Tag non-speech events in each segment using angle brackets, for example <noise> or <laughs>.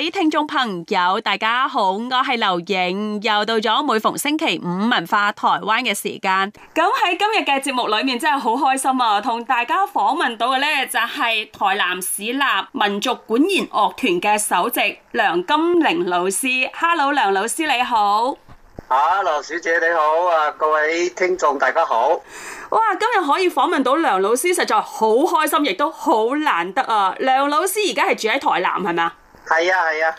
各位聽眾朋友，大家好，我係劉影，又到咗每逢星期五文化台灣嘅時間。咁喺今日嘅節目裏面，真係好開心啊！同大家訪問到嘅咧就係台南市立民族管絃樂團嘅首席梁金寧老師。Hello，梁老師你好。Hello，小姐你好。啊，各位聽眾大家好。哇，今日可以訪問到梁老師，實在好開心，亦都好難得啊！梁老師而家係住喺台南係咪？係啊，係啊，啊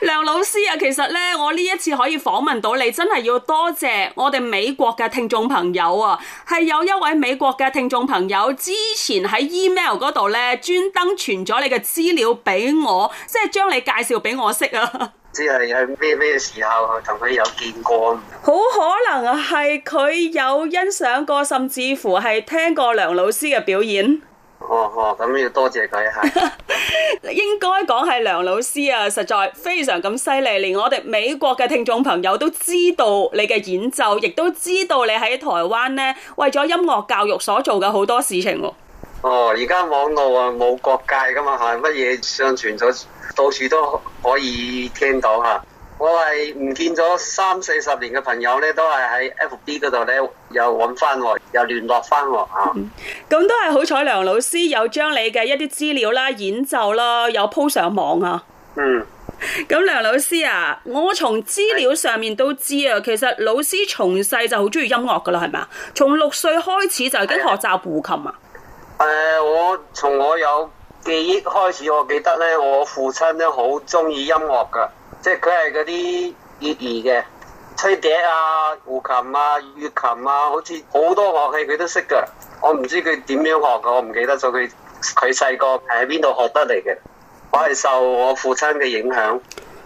梁老師啊，其實咧，我呢一次可以訪問到你，真係要多謝我哋美國嘅聽眾朋友啊，係有一位美國嘅聽眾朋友之前喺 email 嗰度咧，專登傳咗你嘅資料俾我，即係將你介紹俾我識啊。即係喺咩咩時候同佢有見過？好可能係佢有欣賞過，甚至乎係聽過梁老師嘅表演。哦哦，咁要多謝佢一下。應該講係梁老師啊，實在非常咁犀利，連我哋美國嘅聽眾朋友都知道你嘅演奏，亦都知道你喺台灣呢，為咗音樂教育所做嘅好多事情。哦，而家網絡啊冇國界噶嘛吓，乜嘢上傳咗，到處都可以聽到吓、啊。我係唔見咗三四十年嘅朋友咧，都係喺 FB 嗰度咧，又搵翻我，又聯絡翻我啊！咁、嗯、都係好彩，梁老師有將你嘅一啲資料啦、演奏啦，有 po 上網啊！嗯。咁梁老師啊，我從資料上面都知啊，嗯、其實老師從細就好中意音樂噶啦，係咪啊？從六歲開始就已經學習胡琴啊？誒、嗯嗯，我從我有記憶開始，我記得咧，我父親咧好中意音樂噶。即係佢係嗰啲粵語嘅，吹笛啊、胡琴啊、月琴啊，好似好多樂器佢都識噶。我唔知佢點樣學噶，我唔記得咗佢佢細個係喺邊度學得嚟嘅。我係受我父親嘅影響。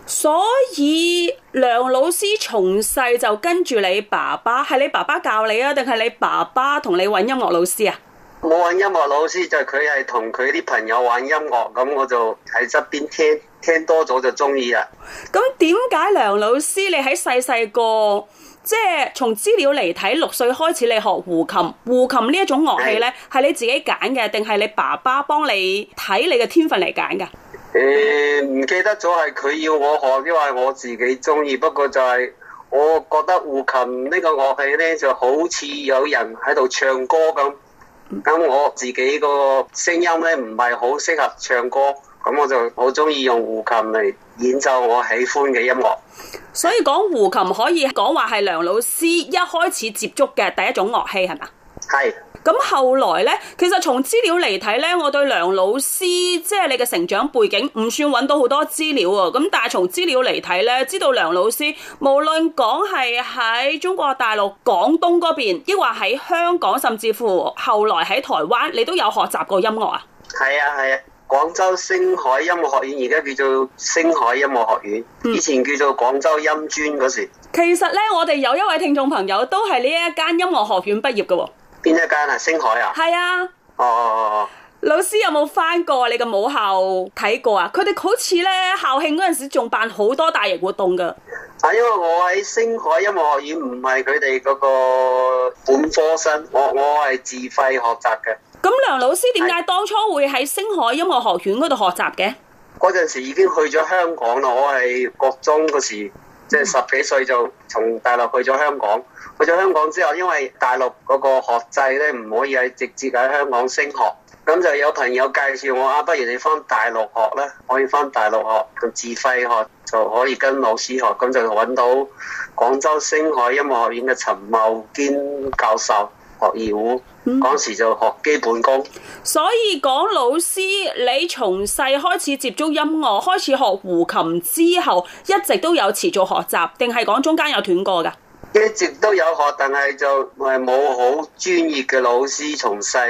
所以梁老師從細就跟住你爸爸，係你爸爸教你啊，定係你爸爸同你搵音樂老師啊？冇搵音樂老師，就佢係同佢啲朋友玩音樂，咁我就喺側邊聽。聽多咗就中意啦。咁點解梁老師你喺細細個，即係從資料嚟睇，六歲開始你學胡琴，胡琴呢一種樂器咧，係是你自己揀嘅，定係你爸爸幫你睇你嘅天分嚟揀噶？誒、呃，唔記得咗係佢要我學，抑或係我自己中意？不過就係我覺得胡琴呢個樂器咧，就好似有人喺度唱歌咁。咁、嗯、我自己個聲音咧，唔係好適合唱歌。咁我就好中意用胡琴嚟演奏我喜歡嘅音樂。所以講胡琴可以講話係梁老師一開始接觸嘅第一種樂器係咪？係。咁是後來呢，其實從資料嚟睇呢，我對梁老師即係、就是、你嘅成長背景唔算揾到好多資料喎。咁但係從資料嚟睇呢，知道梁老師無論講係喺中國大陸廣東嗰邊，亦或喺香港，甚至乎後來喺台灣，你都有學習過音樂啊？係啊，係啊。廣州星海音樂學院而家叫做星海音樂學院，嗯、以前叫做廣州音專嗰時。其實咧，我哋有一位聽眾朋友都係呢一間音樂學院畢業嘅、哦。邊一間啊？星海啊？係啊。哦哦哦。老師有冇翻過你嘅母校睇過校啊？佢哋好似咧校慶嗰陣時，仲辦好多大型活動噶。但因為我喺星海音樂學院唔係佢哋嗰個本科生，嗯、我我係自費學習嘅。咁梁老師點解當初會喺星海音樂學院嗰度學習嘅？嗰陣時已經去咗香港啦，我係國中嗰時，即係十幾歲就從大陸去咗香港。去咗香港之後，因為大陸嗰個學制咧唔可以係直接喺香港升學，咁就有朋友介紹我啊，不如你翻大陸學啦，可以翻大陸學，咁自費學就可以跟老師學，咁就揾到廣州星海音樂學院嘅陳茂堅教授學二胡。嗰時就學基本功，所以講，老師，你從細開始接觸音樂，開始學胡琴之後，一直都有持續學習，定係講中間有斷過噶？一直都有學，但係就係冇好專業嘅老師從細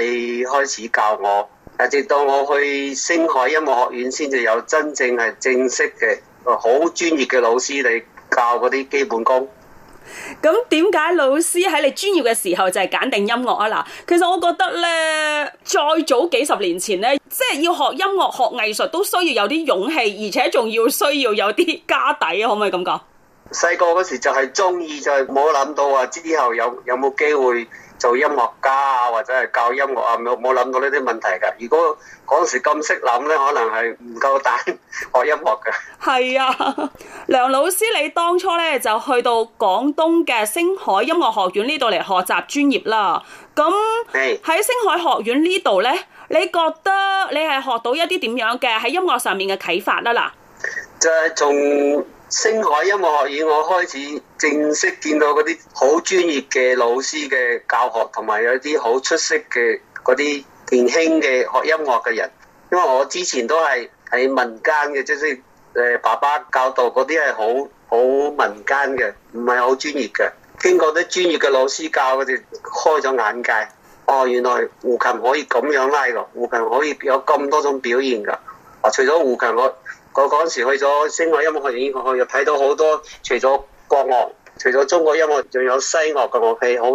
開始教我，啊，直到我去星海音樂學院先至有真正係正式嘅好專業嘅老師嚟教嗰啲基本功。咁點解老師喺你專業嘅時候就係揀定音樂啊？嗱，其實我覺得咧，再早幾十年前咧，即係要學音樂、學藝術，都需要有啲勇氣，而且仲要需要有啲家底啊？可唔可以咁講？細個嗰時就係中意，就係冇諗到話之後有有冇機會。做音樂家啊，或者係教音樂啊，冇冇諗過呢啲問題㗎？如果嗰時咁識諗咧，可能係唔夠膽學音樂嘅。係啊，梁老師，你當初咧就去到廣東嘅星海音樂學院呢度嚟學習專業啦。咁喺是星海學院呢度咧，你覺得你係學到一啲點樣嘅喺音樂上面嘅啟發啊？嗱，就係仲……星海音樂學院，我開始正式見到嗰啲好專業嘅老師嘅教學，同埋有啲好出色嘅嗰啲年輕嘅學音樂嘅人。因為我之前都係喺民間嘅，即係爸爸教導嗰啲係好好民間嘅，唔係好專業嘅。經過啲專業嘅老師教，佢哋開咗眼界。哦，原來胡琴可以咁樣拉噶，胡琴可以有咁多種表現噶。啊，除咗胡琴我。我嗰陣時去咗星海音樂學院嗰度，我又睇到好多除咗國樂，除咗中國音樂，仲有西樂嘅樂器。好，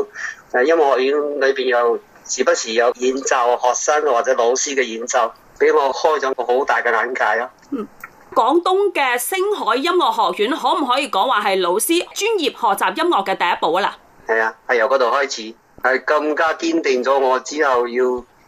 誒音樂學院裏邊又時不時有演奏學生或者老師嘅演奏，俾我開咗個好大嘅眼界啊，嗯，廣東嘅星海音樂學院可唔可以講話係老師專業學習音樂嘅第一步啊？嗱，係啊，係由嗰度開始，係更加堅定咗我之後要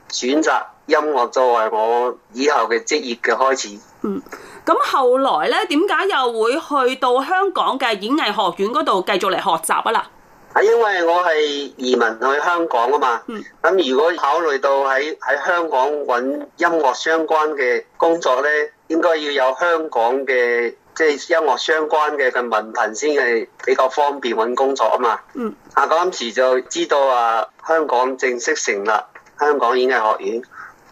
選擇。音樂作為我以後嘅職業嘅開始。嗯，咁後來咧，點解又會去到香港嘅演藝學院嗰度繼續嚟學習啊？啦，係因為我係移民去香港啊嘛。嗯。咁如果考慮到喺喺香港揾音樂相關嘅工作咧，應該要有香港嘅即係音樂相關嘅嘅文憑先係比較方便揾工作啊嘛。嗯。啊，嗰時就知道話香港正式成立香港演藝學院。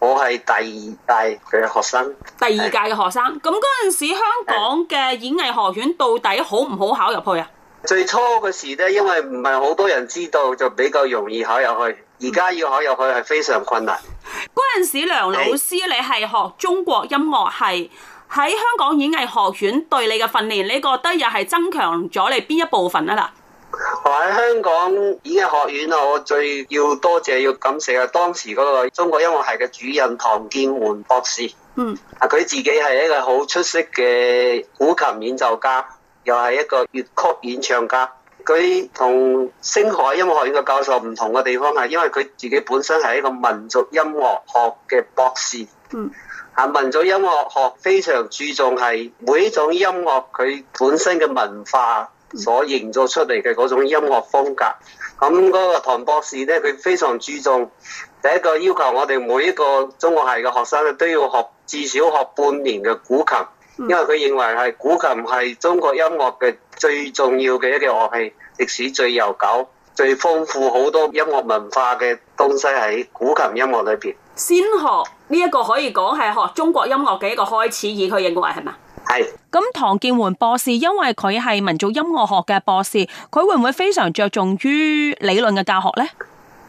我係第二屆嘅學生，第二屆嘅學生。咁嗰陣時香港嘅演藝學院到底好唔好考入去啊？最初嘅時咧，因為唔係好多人知道，就比較容易考入去。而家要考入去係非常困難。嗰陣、嗯、時梁老師，欸、你係學中國音樂，係喺香港演藝學院對你嘅訓練，你覺得又係增強咗你邊一部分啊？啦？我喺香港演藝學院啊，我最要多謝要感謝啊，當時嗰個中國音樂係嘅主任唐健垣博士。嗯。啊，佢自己係一個好出色嘅古琴演奏家，又係一個粵曲演唱家。佢同星海音樂學院嘅教授唔同嘅地方係，因為佢自己本身係一個民族音樂學嘅博士。嗯。啊，民族音樂學非常注重係每一種音樂佢本身嘅文化。所營造出嚟嘅嗰種音樂風格，咁嗰個唐博士咧，佢非常注重第一個要求，我哋每一個中樂系嘅學生咧都要學至少學半年嘅古琴，因為佢認為係古琴係中國音樂嘅最重要嘅一個樂器，歷史最悠久，最豐富，好多音樂文化嘅東西喺古琴音樂裏邊，先學呢一個可以講係學中國音樂嘅一個開始，以佢認為係嘛？係咁，唐健垣博士因為佢係民族音樂學嘅博士，佢會唔會非常着重於理論嘅教學咧？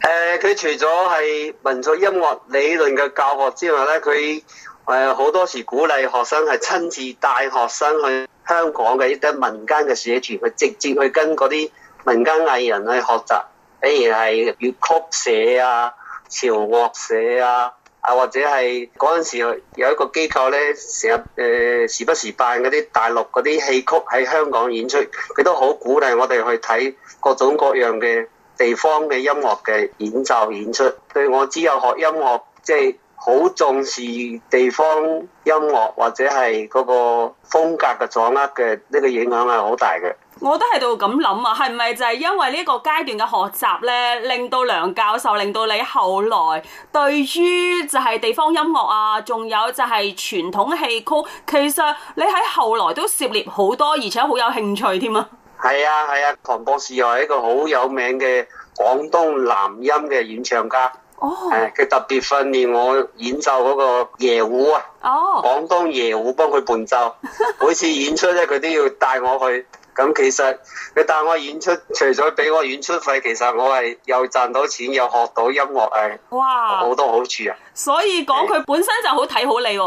誒、呃，佢除咗係民族音樂理論嘅教學之外咧，佢誒好多時鼓勵學生係親自帶學生去香港嘅一啲民間嘅社團去直接去跟嗰啲民間藝人去學習，比如係粵曲社啊、潮樂社啊。啊，或者係嗰陣時有一個機構咧，成日誒時不時辦嗰啲大陸嗰啲戲曲喺香港演出，佢都好鼓勵我哋去睇各種各樣嘅地方嘅音樂嘅演奏演出。對我之後學音樂，即係好重視地方音樂或者係嗰個風格嘅掌握嘅呢個影響係好大嘅。我都喺度咁諗啊，係唔係就係因為呢個階段嘅學習呢，令到梁教授，令到你後來對於就係地方音樂啊，仲有就係傳統戲曲，其實你喺後來都涉獵好多，而且好有興趣添啊！係啊，係啊，唐博士又係一個好有名嘅廣東南音嘅演唱家。哦，係佢特別訓練我演奏嗰個椰胡啊。哦，廣東椰胡幫佢伴奏，每次演出呢，佢都要帶我去。咁其實佢帶我演出，除咗俾我演出費，其實我係又賺到錢，又學到音樂誒，哇，好多好處啊！所以講佢本身就好睇好你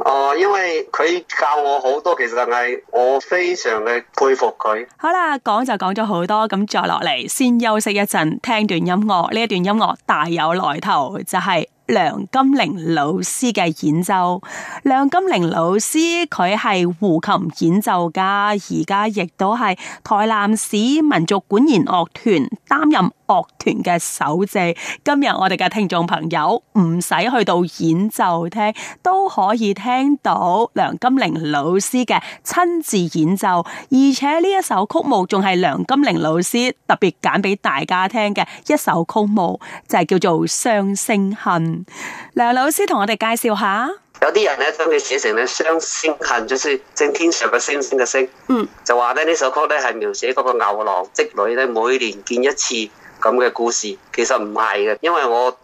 哦、呃，因為佢教我好多，其實係我非常嘅佩服佢。好啦，講就講咗好多，咁再落嚟先休息一陣，聽段音樂。呢一段音樂大有來頭，就係、是。梁金寧老師嘅演奏，梁金寧老師佢係胡琴演奏家，而家亦都係台南市民族管絃樂團擔任。樂團嘅首席，今日我哋嘅聽眾朋友唔使去到演奏廳都可以聽到梁金寧老師嘅親自演奏，而且呢一首曲目仲係梁金寧老師特別揀俾大家聽嘅一首曲目，就係、是、叫做《雙聲恨》。梁老師同我哋介紹下，有啲人咧將佢寫成咧《雙星恨》，就是正天上嘅星星嘅星。嗯，就話咧呢首曲咧係描寫嗰個牛郎織女咧每年見一次。咁嘅故事其實唔係嘅，因為我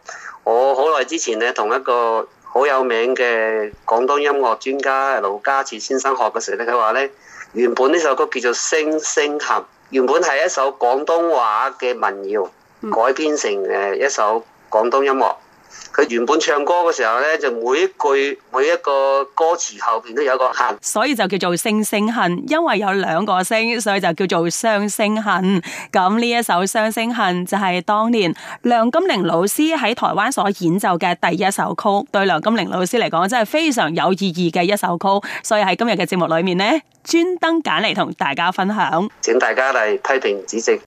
我好耐之前咧同一個好有名嘅廣東音樂專家盧家熾先生學嘅時候咧，佢話咧原本呢首歌叫做《聲聲恨》，原本係一首廣東話嘅民謠改編成誒一首廣東音樂。嗯嗯佢原本唱歌嘅時候呢，就每一句每一個歌詞後邊都有個恨，所聲聲恨有個，所以就叫做《聲聲恨》，因為有兩個聲，所以就叫做《雙聲恨》。咁呢一首《雙聲恨》就係當年梁金寧老師喺台灣所演奏嘅第一首曲，對梁金寧老師嚟講真係非常有意義嘅一首曲，所以喺今日嘅節目裏面呢，專登揀嚟同大家分享，請大家嚟批評指正。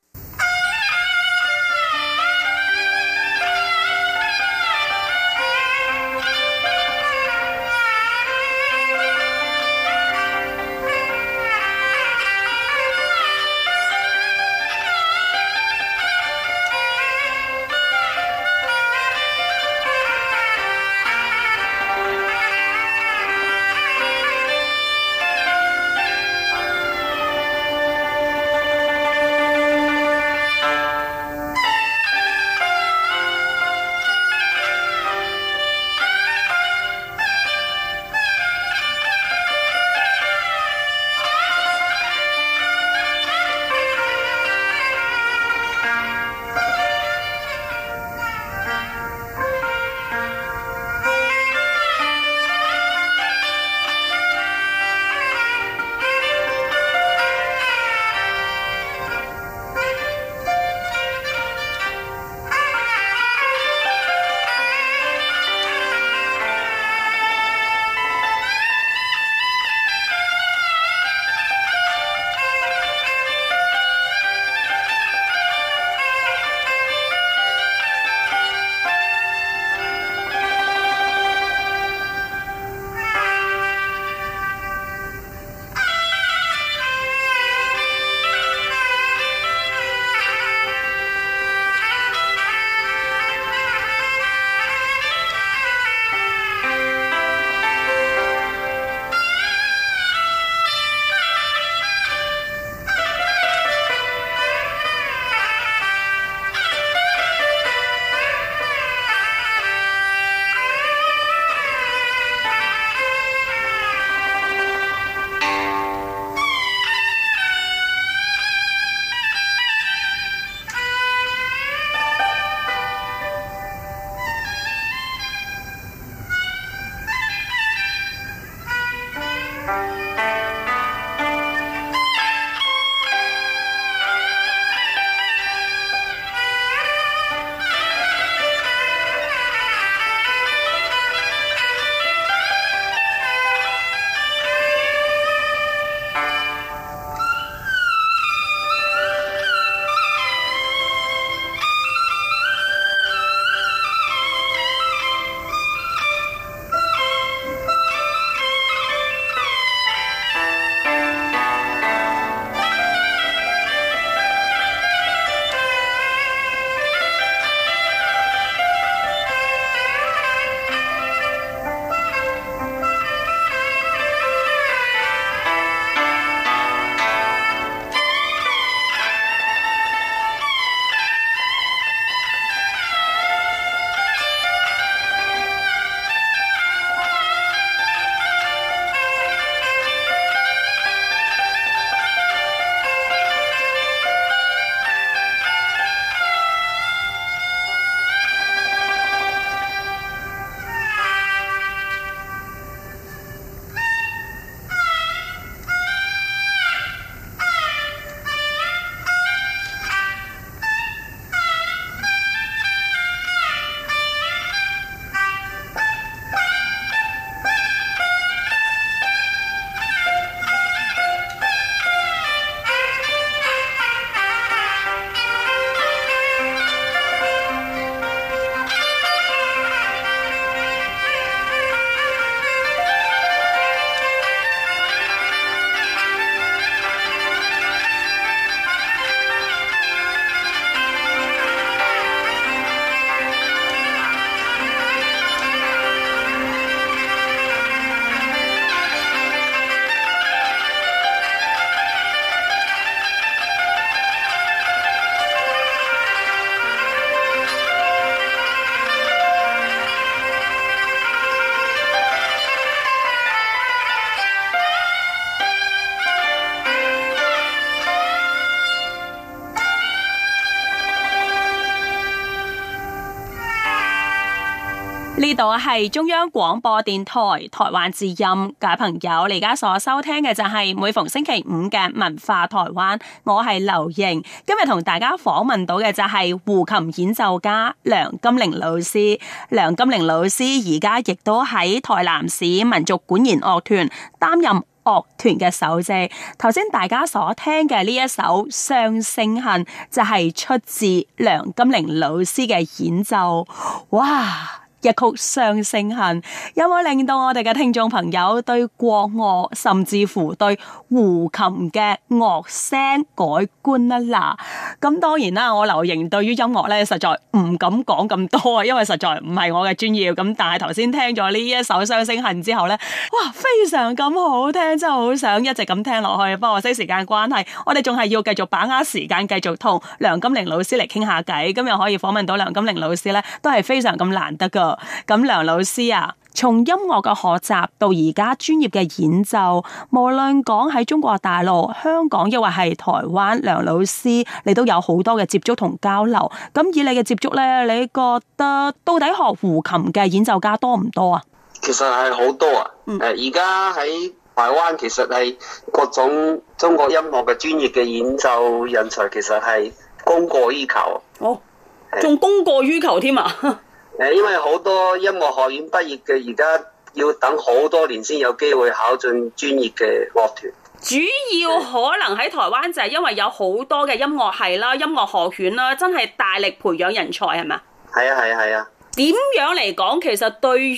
度係中央廣播電台台灣之音，各位朋友，你而家所收聽嘅就係每逢星期五嘅文化台灣，我係劉瑩。今日同大家訪問到嘅就係胡琴演奏家梁金寧老師。梁金寧老師而家亦都喺台南市民族管弦樂團擔任樂團嘅首席。頭先大家所聽嘅呢一首《雙聲恨》，就係、是、出自梁金寧老師嘅演奏。哇！一曲雙聲恨，有冇令到我哋嘅聽眾朋友對國樂甚至乎對胡琴嘅樂聲改觀啊啦？咁當然啦，我劉瑩對於音樂咧實在唔敢講咁多啊，因為實在唔係我嘅專業。咁但係頭先聽咗呢一首雙聲恨之後咧，哇，非常咁好聽，真係好想一直咁聽落去。不過，雖然時間關係，我哋仲係要繼續把握時間，繼續同梁金寧老師嚟傾下偈。咁又可以訪問到梁金寧老師咧，都係非常咁難得噶。咁梁老師啊，從音樂嘅學習到而家專業嘅演奏，無論講喺中國大陸、香港，抑或係台灣，梁老師你都有好多嘅接觸同交流。咁以你嘅接觸呢，你覺得到底學胡琴嘅演奏家多唔多啊？其實係好多啊！而家喺台灣，其實係各種中國音樂嘅專業嘅演奏人才，其實係供過於求啊。哦，仲供過於求添啊！ <laughs> 誒，因為好多音樂學院畢業嘅，而家要等好多年先有機會考進專業嘅樂團。主要可能喺台灣就係因為有好多嘅音樂系啦、音樂學院啦，真係大力培養人才，係咪啊？係啊，係啊，係啊。點樣嚟講？其實對於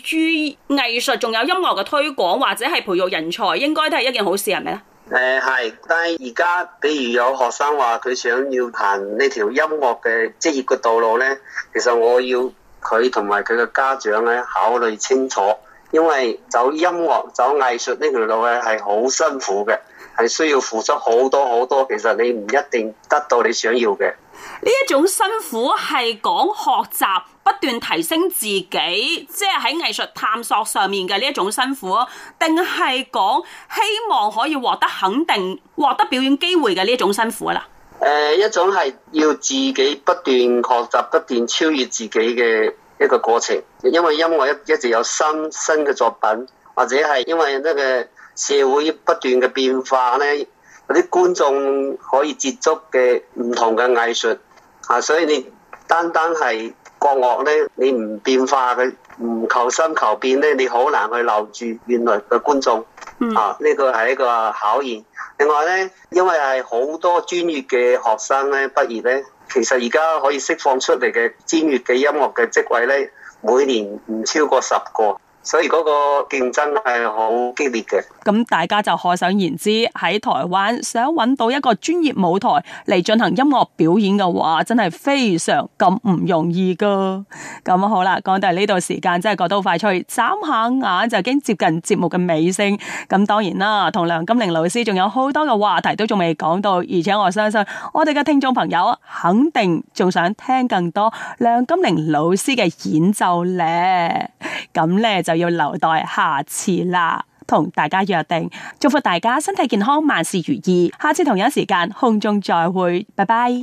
藝術仲有音樂嘅推廣或者係培育人才，應該都係一件好事，係咪咧？誒、啊，係。但係而家，比如有學生話佢想要行呢條音樂嘅職業嘅道路咧，其實我要，佢同埋佢嘅家長咧，考慮清楚，因為走音樂、走藝術呢條路咧，係好辛苦嘅，係需要付出好多好多。其實你唔一定得到你想要嘅。呢一種辛苦係講學習不斷提升自己，即係喺藝術探索上面嘅呢一種辛苦，定係講希望可以獲得肯定、獲得表演機會嘅呢一種辛苦啦？誒一種係要自己不斷學習、不斷超越自己嘅一個過程，因為音樂一一直有新新嘅作品，或者係因為呢個社會不斷嘅變化，呢啲觀眾可以接觸嘅唔同嘅藝術啊，所以你單單係國樂呢，你唔變化嘅，唔求新求變呢，你好難去留住原來嘅觀眾。嗯、啊！呢個係一個考驗。另外咧，因為係好多專業嘅學生咧畢業咧，其實而家可以釋放出嚟嘅專業嘅音樂嘅職位咧，每年唔超過十個。所以嗰個競爭係好激烈嘅。咁大家就可想而知，喺台灣想揾到一個專業舞台嚟進行音樂表演嘅話，真係非常咁唔容易噶。咁好啦，講到呢度時間真係過得好快脆，眨下眼就已經接近節目嘅尾聲。咁當然啦，同梁金寧老師仲有好多嘅話題都仲未講到，而且我相信我哋嘅聽眾朋友肯定仲想聽更多梁金寧老師嘅演奏咧。咁咧就。要留待下次啦，同大家約定，祝福大家身體健康，萬事如意。下次同樣時間，空中再會，拜拜。